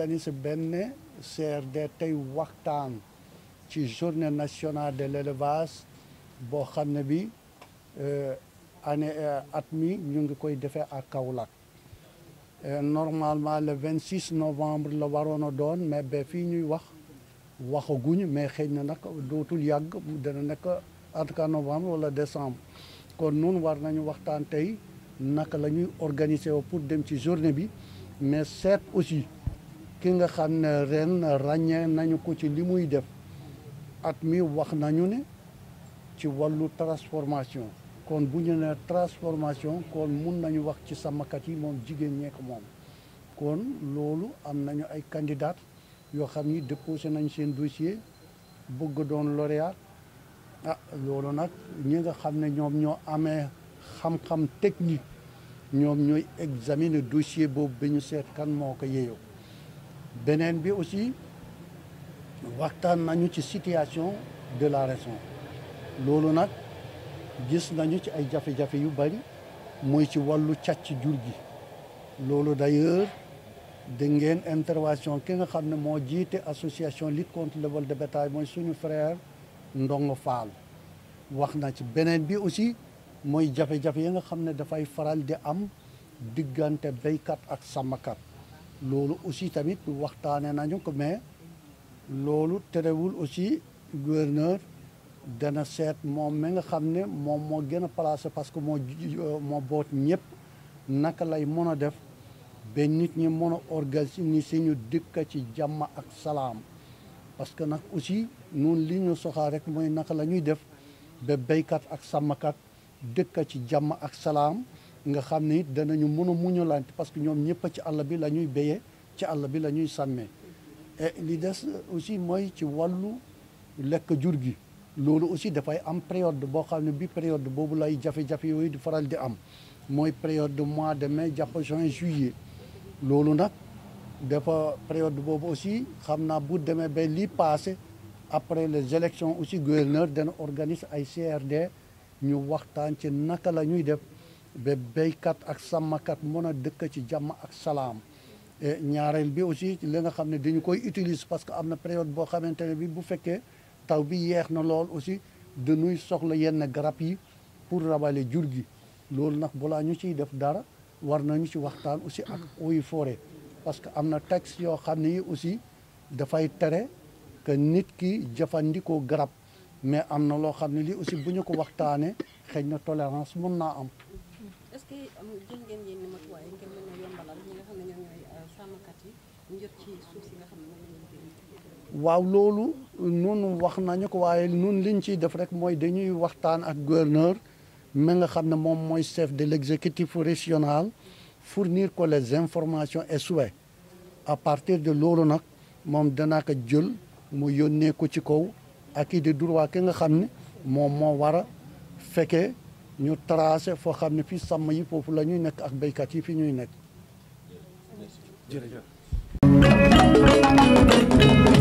organise benn CRD tey waxtaan ci journée nationale de l'élevage boo xam ne bi euh, année euh, at mi ñu ngi koy defee à Kaolack euh, normalement le vingt 26 novembre la waroon a doon mais ba fii ñuy wax waxaguñ mais xëy na nag dootul yàgg dana nekk en tout cas novembre wala décembre kon noonu war nañu waxtaan tey naka la ñuy organiser wu pour dem ci journée bi mais seet aussi ki nga xam ne ren ràññee nañu ko ci li muy def at mi wax nañu ni ci wàllu transformation kon bu ñu nee transformation kon mun nañu wax ci sàmmkat yi moom jigéen ñeek moom kon loolu am nañu ay candidat yoo xam ni déposé nañu seen dossier bëgg doon lauréat ah loolu nag ñi nga xam ne ñoom ñoo amee xam-xam technique ñoom ñooy examiner dossier boobu ba ñu seet kan moo ko yeyoo beneen bi aussi waxtaan nañu ci situation de la raison loolu nag gis nañu ci ay jafe-jafe yu bari mooy ci wàllu càcc jur gi loolu d'ailleurs dégg ngeen intervention ki nga xam ne moo jiite association lutte contre le vol de bétail mooy suñu frère Ndongo Fall wax na ci beneen bi aussi mooy jafe-jafe yi nga xam ne dafay faral di am diggante béykat ak sàmmkat loolu aussi tamit waxtaane nañu ko mais loolu terewul aussi gouverneur dana seet moom mi nga xam ne moom moo gën a placé parce que moo euh, moo boot ñëpp naka lay mën a def ba nit ñi mën a organiser ñu dëkk ci jàmm ak salaam parce que nag aussi noonu li ñu soxla rek mooy naka la ñuy def ba béykat ak sàmmkat dëkk ci jàmm ak salaam nga xam ne it danañu mën a muñalante parce que ñoom ñëpp ci àll bi la ñuy béyee ci àll bi la ñuy sàmmee et li des aussi mooy ci wàllu lekk jur gi loolu aussi dafay am période de xam ne bi période boobu lay jafe-jafe yooyu di faral di am mooy période de mois de mais jàpp juin juillet loolu nag dafa période boobu aussi xam naa bu demee ba lii passé après les élections aussi gouverneur dana organise ay CRD ñu waxtaan ci naka la ñuy def ba béykat ak sàmmkat mën a dëkk ci jàmm ak salaam e ñaareel bi aussi li nga xam ne dañu koy utilise parce que am na période boo xamante ne bi bu fekkee taw bi yeex na lool aussi dañuy soxla yenn garab yi pour rabale jur gi loolu nag balaa ñu ciy def dara war nañu ci waxtaan aussi ak eaux et forêts parce que am na texte yoo xam ne yi aussi dafay tere que nit ki jëfandikoo garab mais am na loo xam ne lii aussi bu ñu ko waxtaanee xëy na tolérance mën naa am Euh, waaw loolu noonu wax nañu ko waaye noonu liñ ciy def rek mooy dañuy waxtaan ak gouverneur mi nga xam ne moom mooy chef de l'exécutif régional fournir ko les informations et souhaits à partir de loolu nag moom danaa ko jël mu yónnee ko ci kaw ak i de droit ki nga xam ne moom moo war a fekkee ñu tracé foo xam ne fii sàmm yi foofu la ñuy nekk ak béykat yi fi ñuy nekk jërëjëf